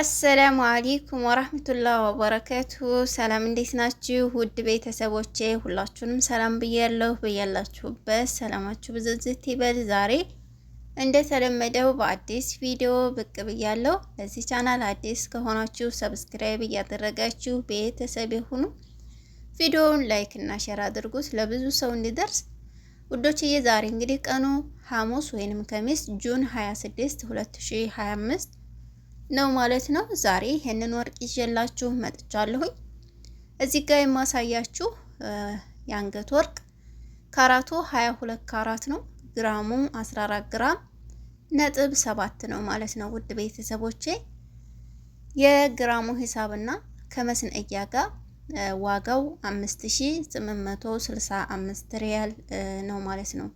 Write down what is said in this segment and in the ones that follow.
አሰላሙ አሌይኩም ወራህመቱላህ ወበረከቱ። ሰላም እንዴት ናችሁ ውድ ቤተሰቦቼ? ሁላችሁንም ሰላም ብያለሁ። ብያላችሁበት ሰላማችሁ ብዝዝት ይበል። ዛሬ እንደተለመደው በአዲስ ቪዲዮ ብቅ ብያለሁ። ለዚህ ቻናል አዲስ ከሆናችሁ ሰብስክራይብ እያደረጋችሁ ቤተሰብ የሆኑ ቪዲዮውን ላይክ እና ሼር አድርጉት ለብዙ ሰው እንዲደርስ ውዶችዬ። ዛሬ እንግዲህ ቀኑ ሐሙስ ወይንም ከሚስ ጁን 26 2025 ነው ማለት ነው። ዛሬ ይህንን ወርቅ ይዤላችሁ መጥቻለሁኝ። እዚህ ጋር የማሳያችሁ የአንገት ወርቅ ካራቱ 22 ካራት ነው። ግራሙ 14 ግራም ነጥብ 7 ነው ማለት ነው። ውድ ቤተሰቦቼ የግራሙ ሂሳብና ከመስንእያ ጋር ዋጋው 5865 ሪያል ነው ማለት ነው።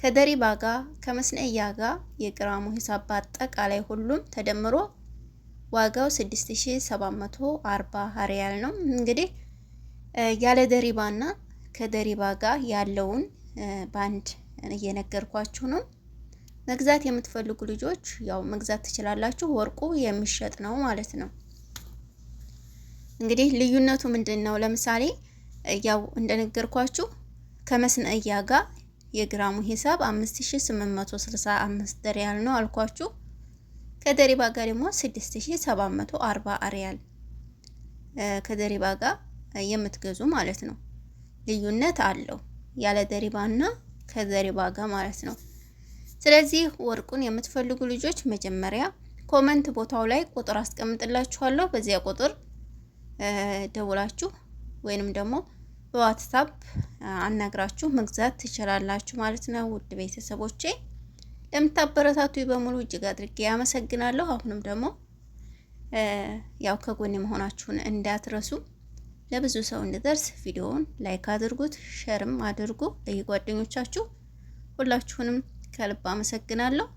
ከደሪባ ጋር ከመስነእያ ጋር የግራሙ ሂሳብ በአጠቃላይ ሁሉም ተደምሮ ዋጋው 6740 ሪያል ነው። እንግዲህ ያለ ደሪባና ከደሪባ ጋር ያለውን ባንድ እየነገርኳችሁ ነው። መግዛት የምትፈልጉ ልጆች ያው መግዛት ትችላላችሁ። ወርቁ የሚሸጥ ነው ማለት ነው። እንግዲህ ልዩነቱ ምንድን ነው? ለምሳሌ ያው እንደነገርኳችሁ ከመስነእያ ጋር የግራሙ ሂሳብ 5865 ሪያል ነው አልኳችሁ። ከደሪባ ጋር ደግሞ 6740 ሪያል ከደሪባ ጋር የምትገዙ ማለት ነው። ልዩነት አለው ያለ ደሪባ እና ከደሪባ ጋር ማለት ነው። ስለዚህ ወርቁን የምትፈልጉ ልጆች መጀመሪያ ኮመንት ቦታው ላይ ቁጥር አስቀምጥላችኋለሁ። በዚያ ቁጥር ደውላችሁ ወይንም ደግሞ በዋትሳፕ አናግራችሁ መግዛት ትችላላችሁ ማለት ነው። ውድ ቤተሰቦቼ ለምታበረታቱ በሙሉ እጅግ አድርጌ ያመሰግናለሁ። አሁንም ደግሞ ያው ከጎን መሆናችሁን እንዳትረሱ። ለብዙ ሰው እንድደርስ ቪዲዮውን ላይክ አድርጉት፣ ሸርም አድርጉ ለየጓደኞቻችሁ። ሁላችሁንም ከልብ አመሰግናለሁ።